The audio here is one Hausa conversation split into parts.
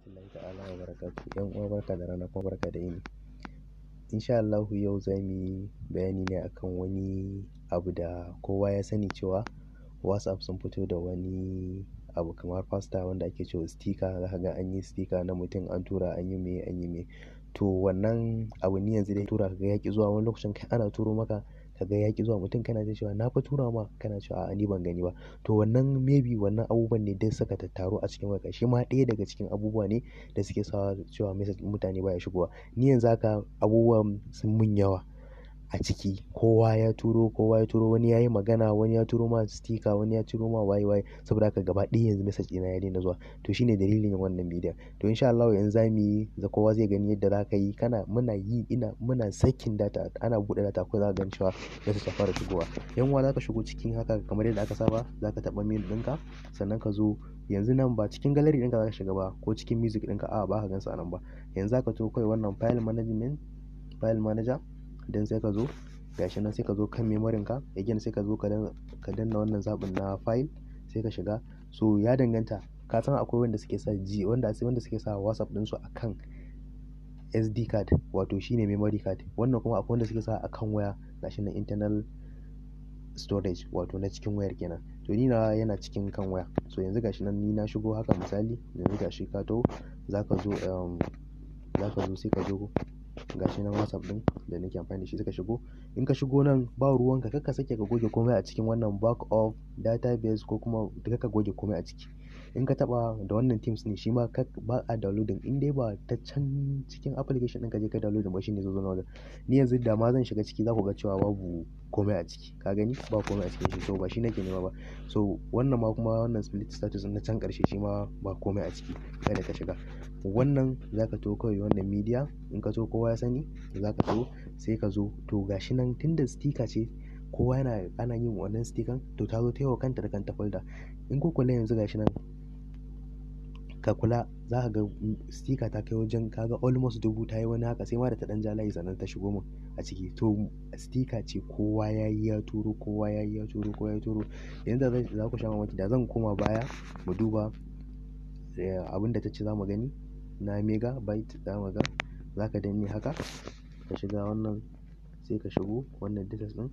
rahmatullahi ta'ala wa barakatu yan uwa barka da rana kuma barka da yini insha Allahu yau zamu yi bayani ne akan wani abu da kowa ya sani cewa WhatsApp sun fito da wani abu kamar fasta wanda ake cewa stika zaka ga an yi stika na mutum an tura an yi me an yi me to wannan abu ne yanzu dai tura ka ga yaƙi zuwa wani lokacin kai ana turo maka ka ga yaƙi zuwa mutum kana jin cewa na fa tura ma kana cewa a'a ni ban gani ba to wannan maybe wannan abubuwan ne duk suka tattaru a cikin wayarka shi ma ɗaya daga cikin abubuwa ne da suke sawa cewa message mutane baya shigowa ni yanzu haka abubuwan sun mun yawa a ciki kowa ya turo kowa ya turo wani yayi magana wani ya turo ma sitika wani ya turo ma waye waye saboda haka gaba ɗaya yanzu message ina ya daina zuwa to shine dalilin wannan bidiyon to insha Allah yanzu zamu yi kowa zai gani yadda zaka yi kana muna yi ina muna sakin data ana buɗe data ko zaka gan cewa message ta fara shigowa yan uwa zaka shigo cikin haka kamar yadda aka saba zaka taɓa mail ɗinka sannan ka zo yanzu nan ba cikin gallery ɗinka zaka shiga ba ko cikin music ɗinka a baka ka sa nan ba yanzu zaka to kai wannan file management file manager don sai ka zo gashi nan sai ka zo kan memorin ka again sai ka zo ka danna wannan zaɓin na file sai ka shiga so ya danganta ka san akwai wanda suke sa G wanda wanda suke sa WhatsApp su akan SD card wato shine memory card wannan kuma akwai wanda suke sa akan waya gashi nan internal storage wato na cikin wayar kenan to ni na yana cikin kan waya so yanzu gashi nan ni na shigo haka misali yanzu gashi ka taho zaka zo um zaka zo sai ka zo gashi nan WhatsApp ɗin da nake amfani da shi suka shigo. In ka shigo nan ba ruwanka ka, kar sake ka goge komai a cikin wannan back of database ko kuma kar ka goge komai a ciki. in ka taɓa da wannan teams ne shi ma ba a downloading in dai ba ta can cikin application ɗin ka je ka downloading ba shine ne zo na ni yanzu da ma zan shiga ciki za ku ga cewa babu komai a ciki ka gani ba komai a cikin shi so ba shi nake nema ba so wannan ma kuma wannan split status na can ƙarshe shi ma ba komai a ciki kada ka shiga wannan za ka to kawai wannan media in ka zo kowa ya sani za ka to sai ka zo to gashi nan tunda sticker ce kowa yana ana yin wannan stikan to ta zo ta yi wa kanta da kanta folda in ko kula yanzu gashi nan ka kula za ka ga stika ta kai wajen ka ga almost dubu ta yi wani haka sai ma da ta ɗan ja layi sannan ta shigo mu a ciki to stika ce kowa ya yi ya turo kowa ya yi ya turo kowa ya turo yanzu za ku sha mamaki da zan koma baya mu duba eh, abin da ta ce za mu gani na mega byte za mu ga za ka danne haka ka shiga wannan sai ka shigo wannan details ɗin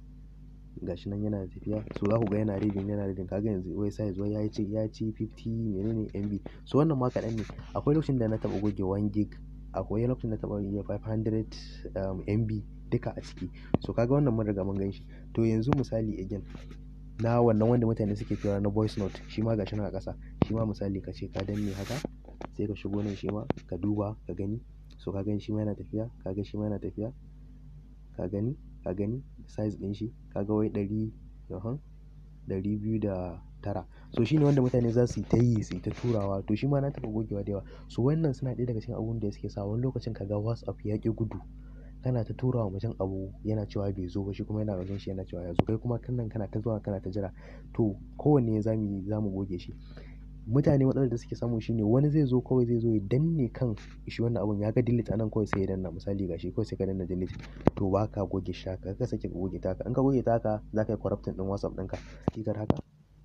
gashi nan yana tafiya. So za ku ga yana reading, yana reading. Ka ga yanzu wai size wai ya ce, ya ci 50 menene MB. So wannan ma kaɗan ne. Akwai lokacin da na taɓa goge 1 gig. Akwai lokacin da na taɓa goge 500 MB duka a ciki. So ka ga wannan mun riga mun gan shi. To yanzu misali again, na wannan wanda mutane suke kira na voice note shi ma gashi nan a ƙasa. Shi ma misali ka ce ka danne haka sai ka shigo nan shi ma ka duba ka gani. So ka gani shi ma yana tafiya, ka ga shi ma yana tafiya, ka gani. ka gani size ɗin shi ka ga wai ɗari ɗari biyu da tara. So shi shine wanda mutane za su yi ta yi su yi ta turawa to shi ma na taɓa gogewa da yawa. So wannan suna ɗaya daga cikin abubuwan da suke sa wani lokacin ka ga WhatsApp ya ƙi gudu. Kana ta tura wa mutum abu yana cewa bai zo ba shi kuma yana wajen shi yana cewa ya zo. Kai kuma kan kana ta zuwa kana ta jira. To kowanne za mu goge shi. mutane matsalar da suke samu shine wani zai zo kawai zai zo ya danne kan shi wannan abun ya ga delete anan kawai sai ya danna misali gashi kawai sai ka danna delete to ba ka goge shaka ka sake goge taka in ka goge taka za ka yi corrupting din whatsapp ɗinka kikar haka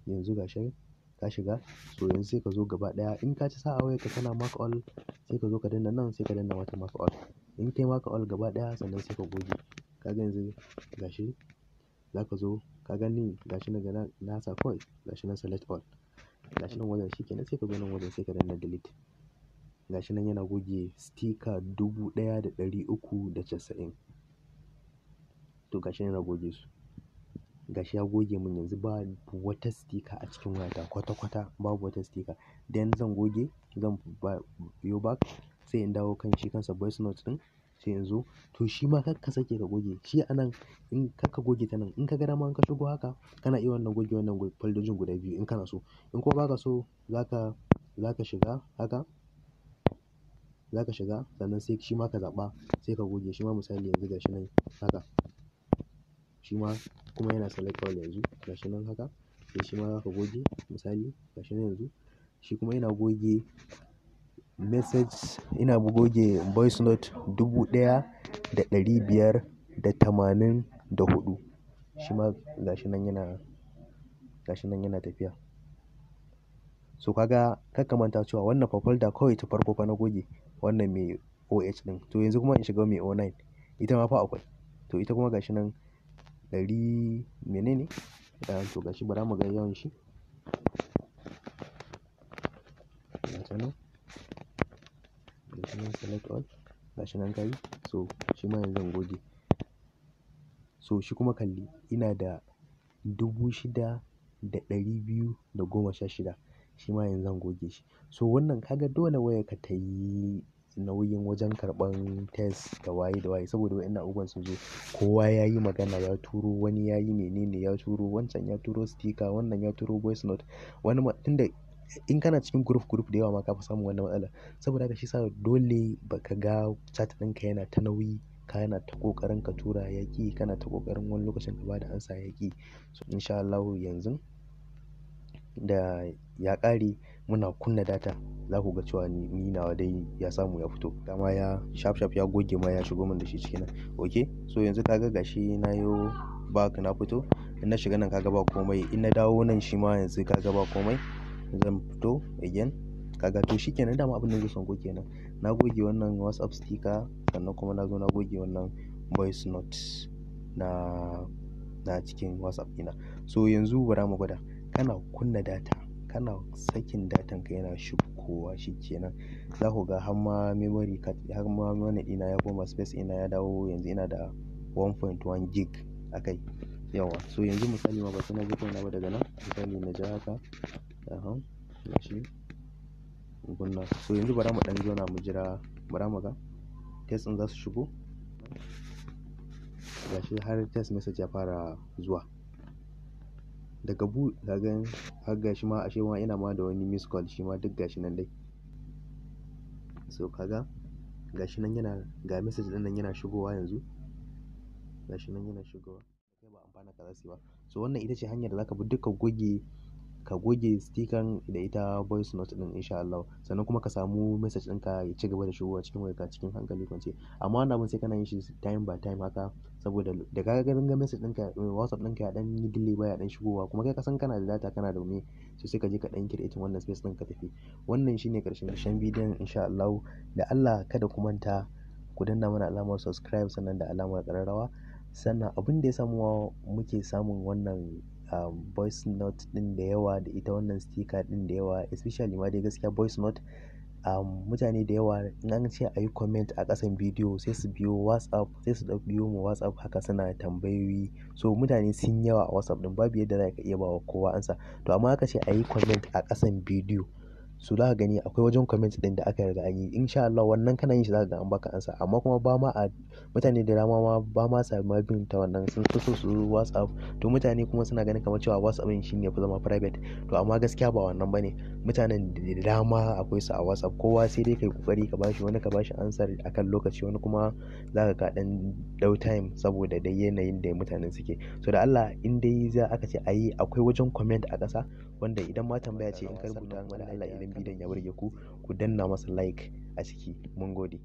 yanzu gashi ka shiga so yanzu sai ka zo gaba daya in ka ci sa'a ka tana mark all sai ka zo ka danna nan sai ka danna wata mark all in kai mark all gaba daya sannan sai ka goge ka ga yanzu gashi za ka zo ka gani gashi na na sa kawai gashi na select all Gashi nan wajen shi kenan sai ka zo nan wajen sai ka danna delete. Gashi nan yana goge sticker dubu ɗaya da ɗari uku da casa'in. To gashi yana goge su. Gashi ya goge mun yanzu ba wata sticker a cikin wayata kwata-kwata babu wata sticker. Then zan goge zan ba yo back sai in dawo kan shi kansa voice note ɗin. ce yanzu to shi ma kar ka sake ka goge shi a nan in kar ka goge ta nan in ka ga dama in ka shigo haka kana iya wannan goge wannan foldojin guda biyu in kana so in kuma ba ka so zaka zaka shiga haka zaka shiga sannan sai shi ma ka zaɓa sai ka goge shi ma misali yanzu gashi nan haka shi ma kuma yana select all yanzu gashi nan haka shi ma zaka goge misali gashi nan yanzu shi kuma yana goge message ina goge voice note dubu ɗaya da ɗari biyar da tamanin da huɗu. Shi ma gashi nan yana, gashi nan yana tafiya. So ka ga kar ka manta cewa wannan fa folder kawai ta farko fa na goge wannan mai OH ɗin. To yanzu kuma in shiga mai O9 ita ma fa akwai. To ita kuma gashi nan ɗari mene ne? To gashi bara mu ga yawan shi. Gata nan. gashi nan select all gashi nan kayi so shi yanzu goge so shi kuma kalli ina da dubu shida da ɗari biyu da goma sha shida shi ma yanzu zan goge shi so wannan kaga dole ka ta yi nauyin wajen karban test da waye da waye saboda waɗannan abubuwan sun zo kowa ya yi magana ya turo wani ya yi menene ya turo wancan ya turo sticker wannan ya turo voice note wani ma tunda in kana cikin group group da yawa ma ka fi samun wannan matsala. Saboda haka shi sa dole baka ga chat ɗinka yana ta nauyi, ka yana ta ƙoƙarin ka tura yaki kana ta kokarin wani lokacin ka ba da amsa yaƙi. So in sha yanzu da ya ƙare muna kunna data za ku ga cewa ni nawa dai ya samu ya fito. Dama ya shaf shaf ya goge ma ya shigo min da shi cikina. Okay? So yanzu ka ga gashi na yo back na fito. In na shiga nan ka ga ba komai. In na dawo nan shi ma yanzu ka ga ba komai. zan fito again kaga to shikenan dama abin da zai son kenan na goge wannan whatsapp sticker sannan kuma na zo na goge wannan voice note na na cikin whatsapp ɗina so yanzu bara mu gwada kana kunna data kana sakin datan ka yana shukowa shikenan za ku ga har ma memory card har ma wani ɗina ya koma space ina ya dawo yanzu ina da 1.1 gig a kai yawa so yanzu misali ma ba sai na je ba daga nan misali na ja haka Aha, gashi. Gunna. So yanzu bara mu ɗan zauna mu jira, bara mu ga test ɗin za su shigo. Gashi har test message ya fara zuwa. Daga bu ka gan har gashi ma ashe ma ina ma da wani miss call shi ma duk gashi nan dai. So kaga ga gashi nan yana ga message ɗin nan yana shigowa yanzu. Gashi nan yana shigowa. Kai ba amfana ka za su yi ba. So wannan ita ce hanyar da za ka bi duka goge ka goge stikan da ita voice note ɗin insha Allah Sannan kuma ka samu message ɗinka ya ci gaba da shigowa cikin wayarka cikin hankali kwance. Amma wannan abun sai kana yin shi time by time haka saboda da ka ga message ɗinka WhatsApp ɗinka ya ɗan yi delay baya ɗan shigowa kuma kai ka san kana da data kana da me so sai ka je ka ɗan creating wannan space ɗinka ka tafi. Wannan shine ƙarshen ƙarshen bidiyon insha Allah Da Allah kada ku manta ku danna mana alamar subscribe sannan da alamar ƙararrawa. Sannan abin da ya samu muke samun wannan um, voice note ɗin da yawa da ita wannan sticker din da yawa especially ma dai gaskiya voice note um, mutane da yawa in an ce a yi comment a ƙasan bidiyo sai su biyo WhatsApp sai su biyo mu WhatsApp haka suna tambayoyi so mutane sun yawa a WhatsApp ɗin babu yadda za ka iya bawa kowa ansa to amma aka ce a yi comment a kasan bidiyo su za ka gani akwai wajen comment din da aka riga an yi. insha Allah wannan kana yin shi za ka ga an baka ansa. Amma kuma ba ma a mutane da dama ma ba ma sa ma bin ta wannan sun fi so su WhatsApp. To mutane kuma suna ganin kamar cewa WhatsApp din shine yafi zama private. To amma gaskiya ba wannan bane. Mutanen da dama akwai su a WhatsApp. Kowa sai dai kai kokari ka bashi wani ka bashi ansar akan lokaci wani kuma za ka ga dan dau time saboda dai yanayin da mutanen suke. So da Allah in dai za aka ce a yi akwai wajen comment a ƙasa wanda idan ma tambaya ce in ka rubuta Allah ilimi. bidiyon ya burge ku, ku danna masa like a ciki. Mun gode.